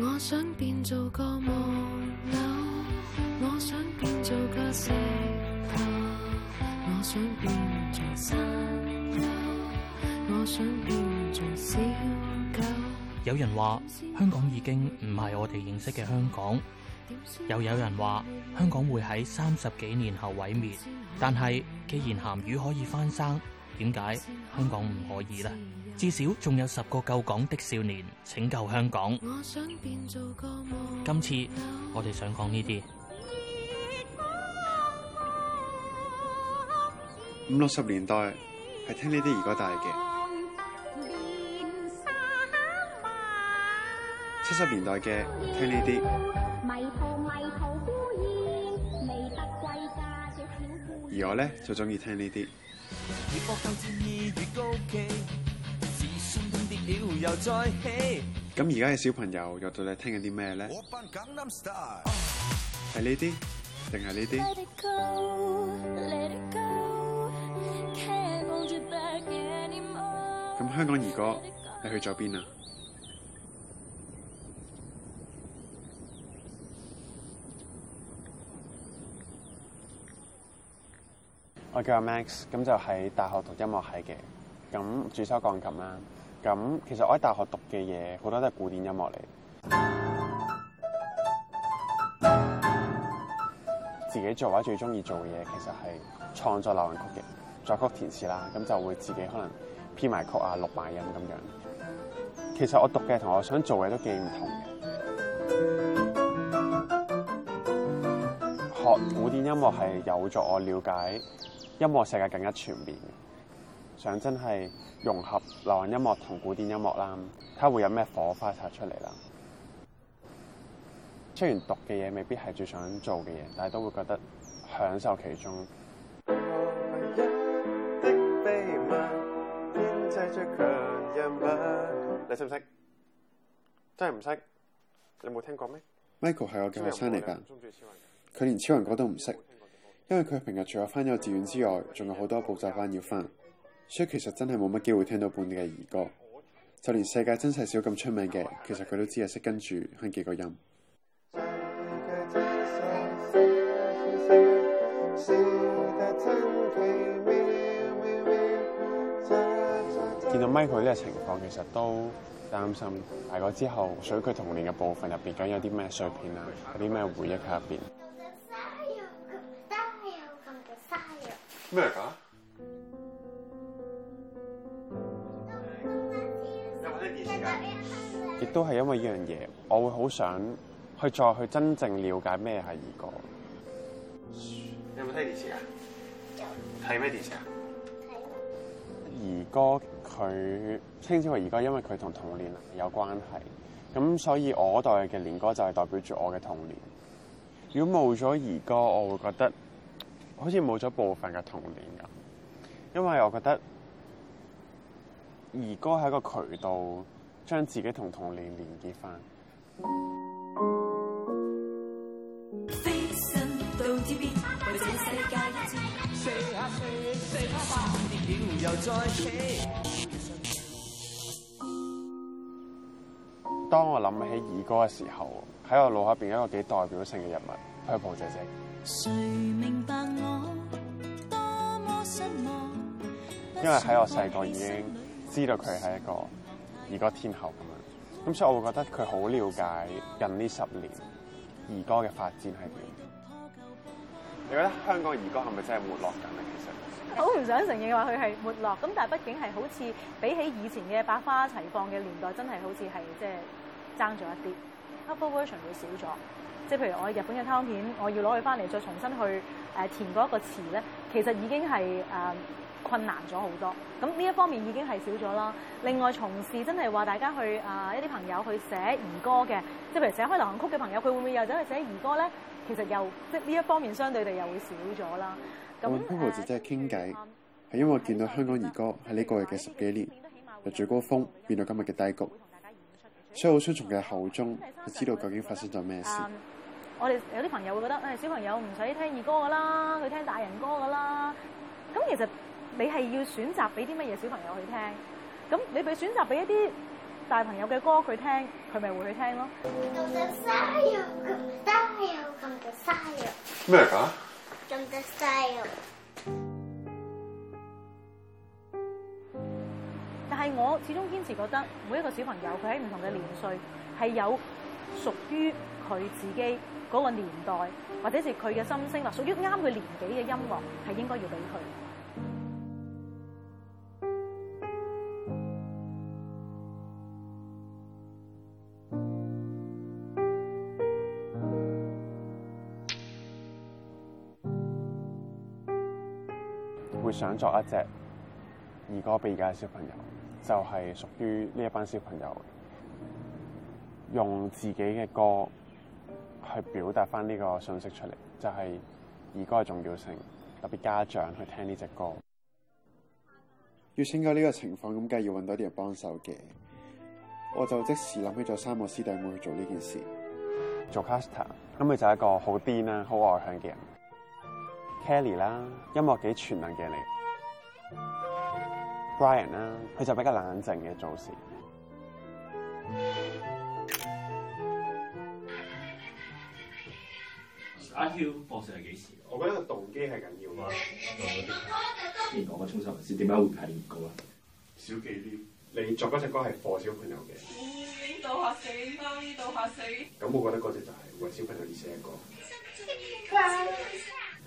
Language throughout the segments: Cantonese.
.我想變做個木偶，我想變做個石頭，我想變做山丘，我想變做小狗 有人話香港已經唔係我哋認識嘅香港，又有人話香港會喺三十幾年後毀滅，但係既然咸魚可以翻生，點解香港唔可以呢？至少仲有十個夠港的少年拯救香港。今次我哋想講呢啲五六十年代係聽呢啲兒歌大嘅，七十年代嘅聽呢啲，迷途迷途孤燕，未得歸家嘅小孤燕，而我咧就中意聽呢啲。咁而家嘅小朋友又到嚟聽緊啲咩咧？係呢啲定係呢啲？咁香港兒歌你去咗邊啊？我叫阿 Max，咁就喺大學讀音樂系嘅，咁主修鋼琴啦。咁其實我喺大學讀嘅嘢好多都係古典音樂嚟。自己做嘅話最中意做嘅嘢其實係創作流行曲嘅作曲填詞啦，咁就會自己可能編埋曲啊，錄埋音咁樣。其實我讀嘅同我想做嘅都幾唔同嘅。學古典音樂係有助我了解音樂世界更加全面嘅。想真係融合流行音樂同古典音樂啦，睇會有咩火花擦出嚟啦。雖然讀嘅嘢未必係最想做嘅嘢，但係都會覺得享受其中。你識唔識？真係唔識。你冇聽過咩？Michael 係我嘅學生嚟㗎。佢連超人歌都唔識，因為佢平日除咗翻幼稚園之外，仲有好多補習班要翻。所以其實真係冇乜機會聽到本地嘅兒歌，就連世界真細小咁出名嘅，其實佢都只係識跟住哼幾個音。見到 Michael 呢個情況，其實都擔心，大個之後，所以佢童年嘅部分入邊，究竟有啲咩碎片啊，有啲咩回憶喺入邊。咩嚟㗎？都係因為呢樣嘢，我會好想去再去真正了解咩係兒歌。你有冇睇電視啊？睇咩電視啊？兒歌佢稱之為兒歌，因為佢同童年有關係。咁所以，我代嘅嘅年歌就係代表住我嘅童年。如果冇咗兒歌，我會覺得好似冇咗部分嘅童年咁。因為我覺得兒歌係一個渠道。將自己同童年連結返。當當我諗起兒歌嘅時候，喺我腦下邊有一個幾代表性嘅人物，Purple 姐姐。誰明白我多因為喺我細個已經知道佢係一個。兒歌天后咁樣，咁所以我會覺得佢好了解近呢十年兒歌嘅發展係點。你覺得香港嘅兒歌係咪真係沒落緊啊？其實好唔想承認話佢係沒落，咁但係畢竟係好似比起以前嘅百花齊放嘅年代，真係好似係即係爭咗一啲。Population 會少咗，即係譬如我日本嘅卡通片，我要攞佢翻嚟再重新去誒填嗰一個詞咧，其實已經係誒。嗯困難咗好多，咁呢一方面已經係少咗啦。另外，從事真係話大家去啊、呃、一啲朋友去寫兒歌嘅，即係譬如寫開流行曲嘅朋友，佢會唔會又走去寫兒歌咧？其實又即呢一方面相對地又會少咗啦。咁、嗯，我同潘博士傾偈，係、嗯、因為我見到香港兒歌喺呢個月嘅十幾年起碼由最高峰變到今日嘅低谷，所以好想從佢口中係知道究竟發生咗咩事。嗯、我哋有啲朋友會覺得誒、哎，小朋友唔使聽兒歌噶啦，佢聽大人歌噶啦。咁其實。你係要選擇俾啲乜嘢小朋友去聽？咁你俾選擇俾一啲大朋友嘅歌佢聽，佢咪會去聽咯。咁就咁就犀利，咁就犀利。但係我始終堅持覺得每一個小朋友佢喺唔同嘅年歲係有屬於佢自己嗰個年代，或者是佢嘅心聲，或屬於啱佢年紀嘅音樂，係應該要俾佢。想作一隻兒歌俾而家嘅小朋友，就係、是、屬於呢一班小朋友用自己嘅歌去表達翻呢個信息出嚟，就係兒歌嘅重要性，特別家長去聽呢隻歌。要拯救呢個情況，咁梗係要揾到啲人幫手嘅。我就即時諗起咗三個師弟妹去做呢件事。做 Casta 咁佢就係一個好癲啦、好外向嘅人。Kelly 啦，音樂幾全能嘅你。Brian 啦，佢就比較冷靜嘅做事。阿 Hugh 博士係幾時？我覺得個動機係緊要啊。之前講過《沖上雲霄》，點解會排呢個歌啊？小紀念，你作嗰隻歌係 for 小朋友嘅。烏蠅倒嚇死，貓兒倒嚇死。咁我覺得嗰隻就係、是、為小朋友而寫嘅歌。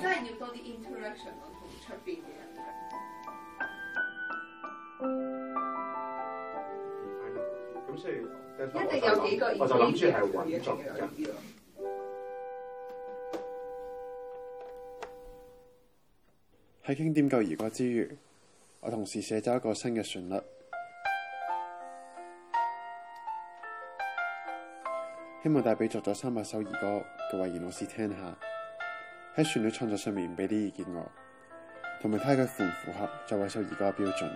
真係要多啲 interaction 咯，同出邊嘅人，一定有幾個，我就諗住係一重人。喺傾點舊兒歌之餘，我同時寫咗一個新嘅旋律，希望帶俾作咗三百首兒歌嘅韋然老師聽下。喺旋律創作上面俾啲意見我，同埋睇佢符唔符合作為首而家嘅標準。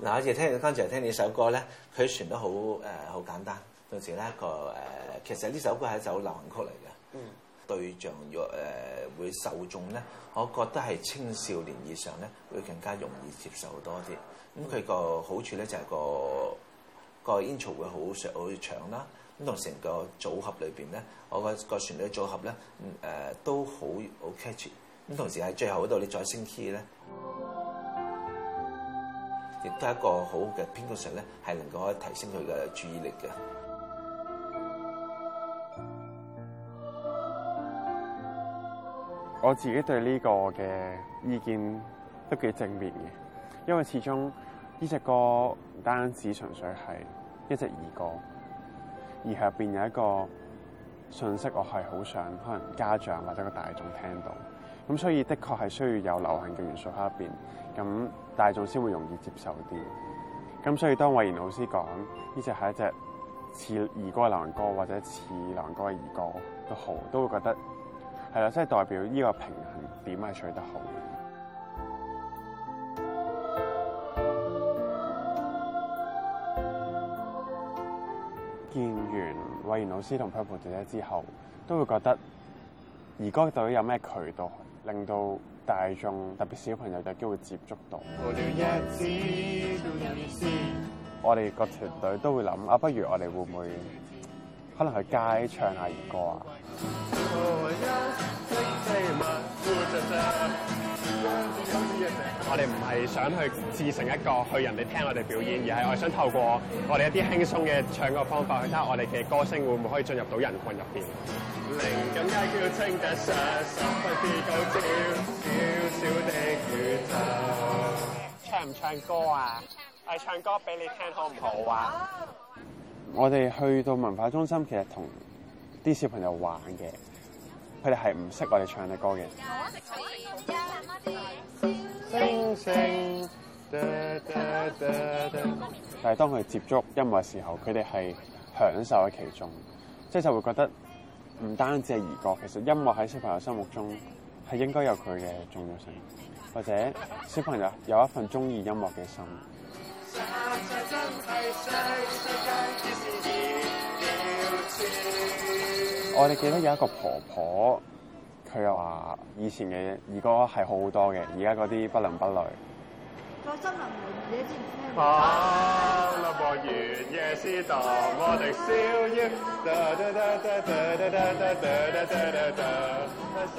嗱，我哋聽，剛才聽呢首歌咧，佢旋律好誒，好、呃、簡單，到時咧個誒，其實呢首歌係一首流行曲嚟嘅。對象若誒、呃、會受眾咧，我覺得係青少年以上咧會更加容易接受多啲。咁佢個好處咧就係、是這個、這個 intro 會好長好長啦。咁同成個組合裏邊咧，我個個旋律組合咧誒、呃、都好好 catchy。咁同時喺最後嗰度你再升 key 咧，亦都係一個好嘅編曲上咧，係能夠提升佢嘅注意力嘅。我自己對呢個嘅意見都幾正面嘅，因為始終呢隻歌唔單止純粹係一隻兒歌，而係入邊有一個訊息，我係好想可能家長或者個大眾聽到。咁所以的確係需要有流行嘅元素喺入邊，咁大眾先會容易接受啲。咁所以當慧賢老師講呢隻係一隻似兒歌嘅流行歌，或者似流行歌嘅兒歌都好，都會覺得。係啦，即係代表呢個平衡點係取得好。 見完韋然老師同 Purple 姐姐之後，都會覺得兒歌到底有咩渠道，令到大眾特別小朋友有機會接觸到。無聊一次，無聊一次我哋個團隊都會諗啊，不如我哋會唔會可能去街唱下兒歌啊？我哋唔係想去自成一個去人哋聽我哋表演，而係我想透過我哋一啲輕鬆嘅唱歌方法，睇下我哋嘅歌聲會唔會可以進入到人群入邊。唱唔唱歌啊？係唱歌俾你聽好唔好啊？我哋去到文化中心，其實同啲小朋友玩嘅。佢哋係唔識我哋唱嘅歌嘅。但係當佢接觸音樂嘅時候，佢哋係享受喺其中，即係就是、會覺得唔單止係兒歌，其實音樂喺小朋友心目中係應該有佢嘅重要性，或者小朋友有一份鍾意音樂嘅心。我哋記得有一個婆婆，佢又話以前嘅兒歌係好好多嘅，而家嗰啲不倫不類。我真係唔記得咗。啊，那我願夜子到我哋笑。唔、yes,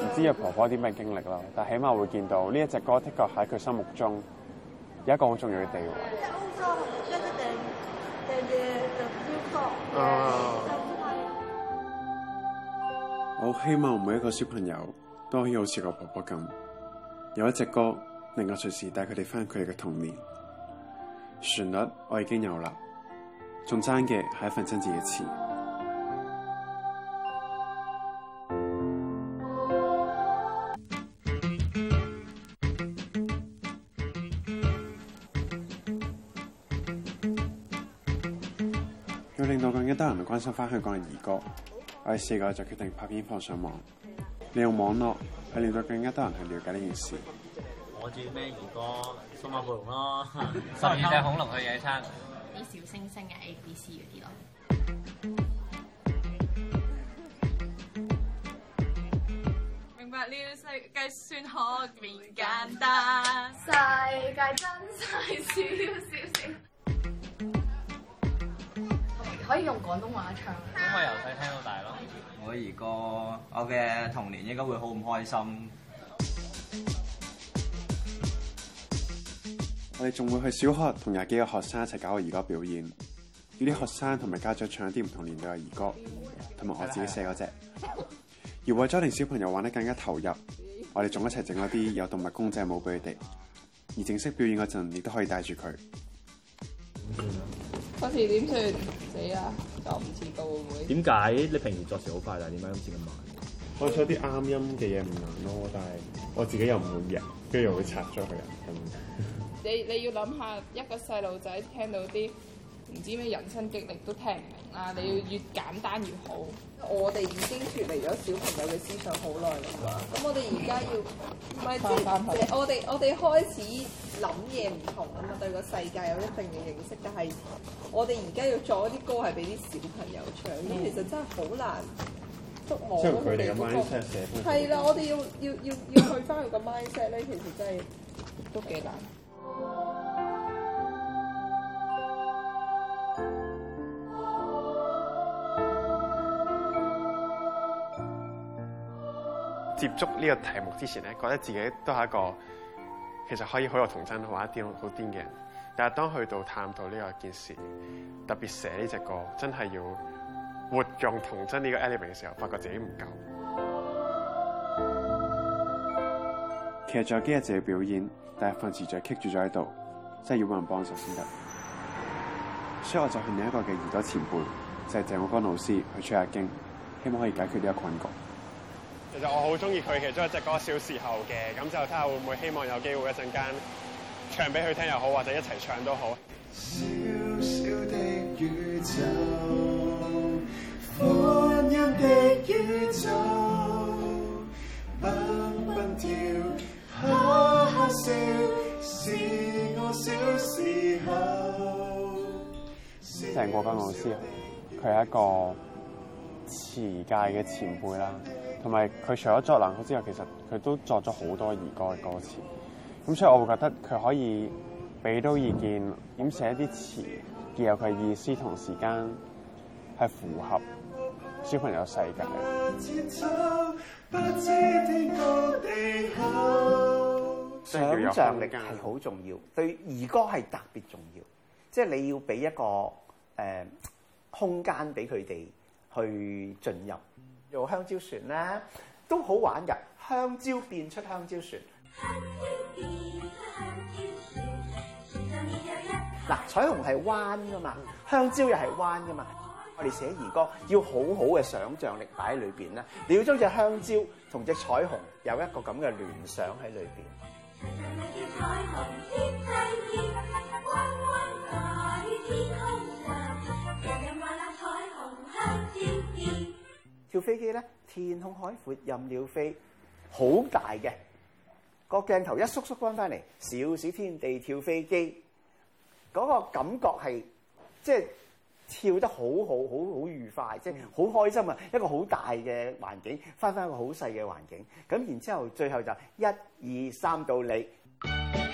oh, 知阿婆婆啲咩經歷咯，但起碼會見到呢一隻歌的確喺佢心目中有一個好重要嘅地位。我希望每一個小朋友都可以好似個婆婆咁，有一隻歌令我隨時帶佢哋翻佢哋嘅童年。旋律我已經有啦，仲爭嘅係一份真摯嘅詞，要令到更加多人關心翻香港嘅兒歌。第四個就決定拍片放上網，利用網絡係令到更加多人去了解呢件事。我知咩兒歌《數碼暴龍》咯， 十二隻恐龍去野餐。啲小星星嘅 A B C 嗰啲咯。明白了，世界算可免簡單。世界真細小星星。可以用廣東話唱。咁我由細聽到大咯，我兒歌，我嘅童年應該會好唔開心。我哋仲會去小學同廿幾個學生一齊搞個兒歌表演，與啲學生同埋家長唱一啲唔同年代嘅兒歌，同埋我自己寫嗰隻。而為咗令小朋友玩得更加投入，我哋仲一齊整一啲有動物公仔舞俾佢哋。而正式表演嗰陣，亦都可以帶住佢。嗯嗰時點算死啦！就唔遲到會唔會？點解你平時作詞好快，但係點解今次咁慢？我做啲啱音嘅嘢唔難咯，但係我自己又唔滿意，跟住又會拆咗佢啊！你 你要諗下一個細路仔聽到啲唔知咩人生經歷都聽唔明。啊！你要越簡單越好。嗯、我哋已經脫離咗小朋友嘅思想好耐啦，咁、嗯、我哋而家要唔係即係我哋我哋開始諗嘢唔同啊嘛，對個世界有一定嘅認識，但係我哋而家要做一啲歌係俾啲小朋友唱，咁、嗯、其實真係好難捉摸嗰個。係、嗯、啦，我哋要要要要去返佢個 mindset 呢，其實真係都幾難。嗯接觸呢個題目之前咧，覺得自己都係一個其實可以好有童真、好啲好癲嘅人。但係當去到探討呢個件事，特別寫呢隻歌，真係要活用童真呢個 element 嘅時候，發覺自己唔夠。其實仲有幾日自己表演，但係份詞再棘住咗喺度，真係要搵人幫手先得。所以我就向另一個嘅好多前輩，就係鄭國江老師去吹下經，希望可以解決呢個困局。其實我好中意佢其中一隻歌《小時候》嘅，咁就睇下會唔會希望有機會一陣間唱俾佢聽又好，或者一齊唱都好。小小的宇宙，歡欣的宇宙，蹦蹦跳，哈哈笑，是我小時候，鄭國江老師，佢係一個詞界嘅前輩啦。同埋佢除咗作籃曲之外，其實佢都作咗好多兒歌嘅歌詞，咁所以我會覺得佢可以俾到意見，咁寫一啲詞，然後佢意思同時間係符合小朋友嘅世界。想象力係好重要，對兒歌係特別重要，即係你要俾一個誒、呃、空間俾佢哋去進入。做香蕉船啦，都好玩㗎。香蕉變出香蕉船。嗱，彩虹係彎㗎嘛，香蕉又係彎㗎嘛。我哋寫兒歌要好好嘅想像力擺喺裏邊啦，你要將隻香蕉同隻彩虹有一個咁嘅聯想喺裏邊。彩虹跳飛機咧，天空海闊任鳥飛，好大嘅個鏡頭一縮縮翻翻嚟，小小天地跳飛機，嗰個感覺係即係跳得好好好好愉快，即係好開心啊、嗯！一個好大嘅環境，翻翻一個好細嘅環境，咁然之後最後就一二三到你。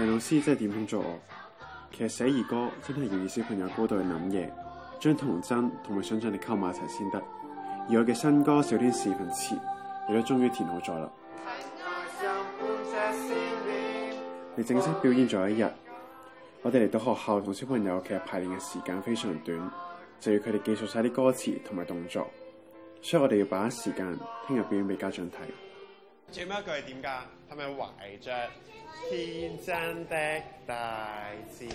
梁老師真係點通做我，其實寫兒歌真係要以小朋友高度去諗嘢，將童真同埋想象力溝埋一齊先得。而我嘅新歌《小天使》份詞亦都終於填好咗啦。你正式表演咗一日，我哋嚟到學校同小朋友其實排練嘅時間非常短，就要佢哋記熟晒啲歌詞同埋動作，所以我哋要把握時間，聽日表演俾家長睇。最尾一句係點㗎？係咪懷着天真的大志？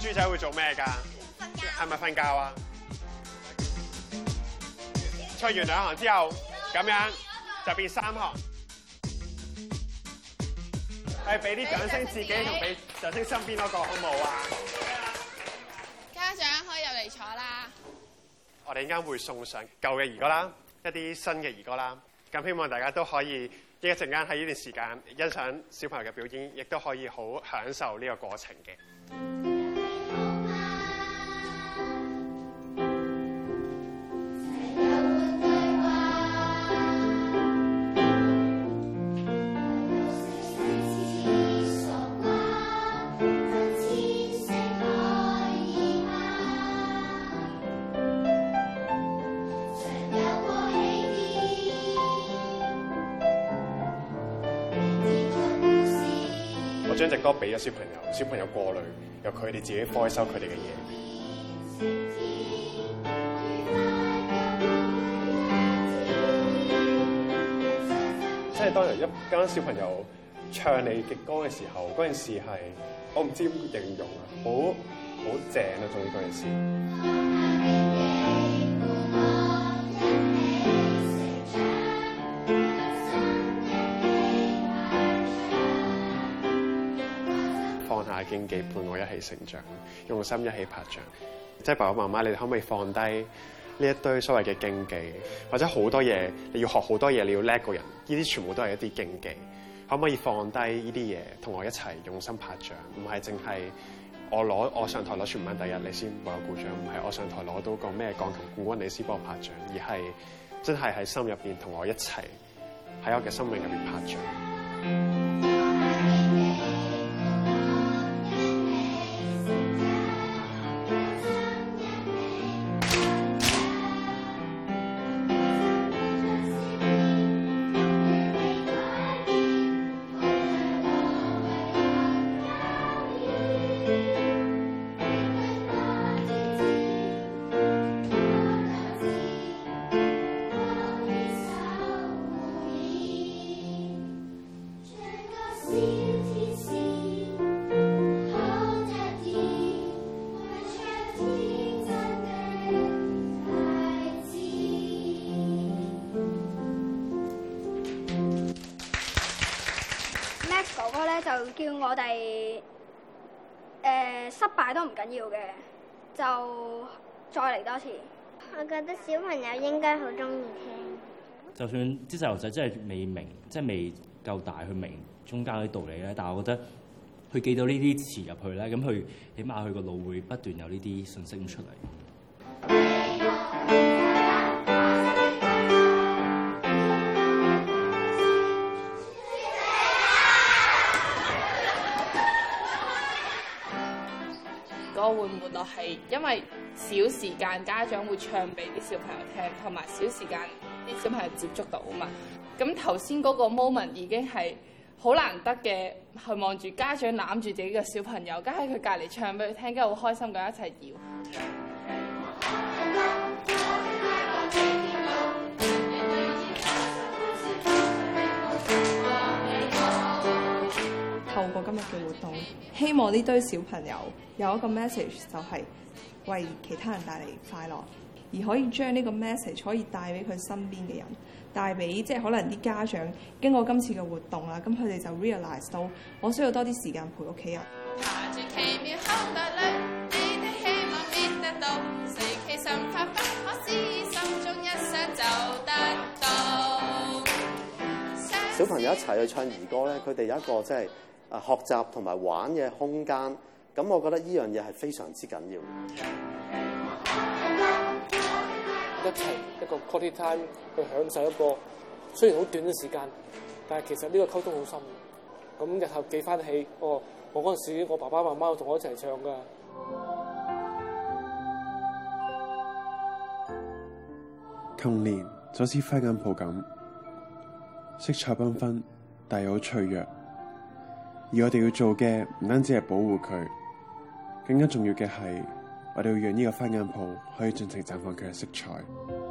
豬仔會做咩㗎？瞓覺。係咪瞓覺啊？唱完兩行之後咁樣就變三行。係俾啲掌聲，自己同俾掌聲，掌聲身邊嗰個好冇啊！家長可以入嚟坐啦。我哋依家會送上舊嘅兒歌啦，一啲新嘅兒歌啦。咁希望大家都可以一陣間喺呢段時間欣賞小朋友嘅表演，亦都可以好享受呢個過程嘅。將隻歌俾咗小朋友，小朋友過濾，由佢哋自己收佢哋嘅嘢。即係當有一間小朋友唱你嘅歌嘅時候，嗰陣時係我唔知點形容很很啊，好好正啊！仲要嗰陣時。大競技伴我一起成長，用心一起拍掌。即係爸爸媽媽，你哋可唔可以放低呢一堆所謂嘅競技，或者好多嘢你要學好多嘢，你要叻個人，呢啲全部都係一啲競技。可唔可以放低呢啲嘢，同我一齊用心拍掌？唔係淨係我攞我上台攞全班第一，你先為我鼓掌。唔係我上台攞到個咩鋼琴冠軍，你先幫我拍掌。而係真係喺心入邊同我一齊喺我嘅生命入邊拍掌。叫我哋誒、呃、失敗都唔緊要嘅，就再嚟多次。我覺得小朋友應該好中意聽。就算啲細路仔真係未明，即係未夠大去明中間啲道理咧，但係我覺得佢記到呢啲詞入去咧，咁佢起碼佢個腦會不斷有呢啲信息出嚟。會唔會落係，因為少時間家長會唱俾啲小朋友聽，同埋少時間啲小朋友接觸到啊嘛。咁頭先嗰個 moment 已經係好難得嘅，去望住家長攬住自己嘅小朋友，企喺佢隔離唱俾佢聽，梗係好開心咁一齊搖。今日嘅活動，希望呢堆小朋友有一個 message，就係為其他人帶嚟快樂，而可以將呢個 message 可以帶俾佢身邊嘅人，帶俾即係可能啲家長經過今次嘅活動啦，咁佢哋就 realize 到我需要多啲時間陪屋企人。小朋友一齊去唱兒歌咧，佢哋有一個即係。啊！學習同埋玩嘅空間，咁我覺得呢樣嘢係非常之緊要。一齊一個 quality time 去享受一個雖然好短嘅時間，但係其實呢個溝通好深。咁日後記翻起，哦，我嗰陣時我爸爸媽媽同我一齊唱㗎。童年就好似花眼蒲咁，色彩繽紛，但又好脆弱。而我哋要做嘅唔單止係保護佢，更加重要嘅係，我哋要讓呢個花眼鋪可以盡情綻放佢嘅色彩。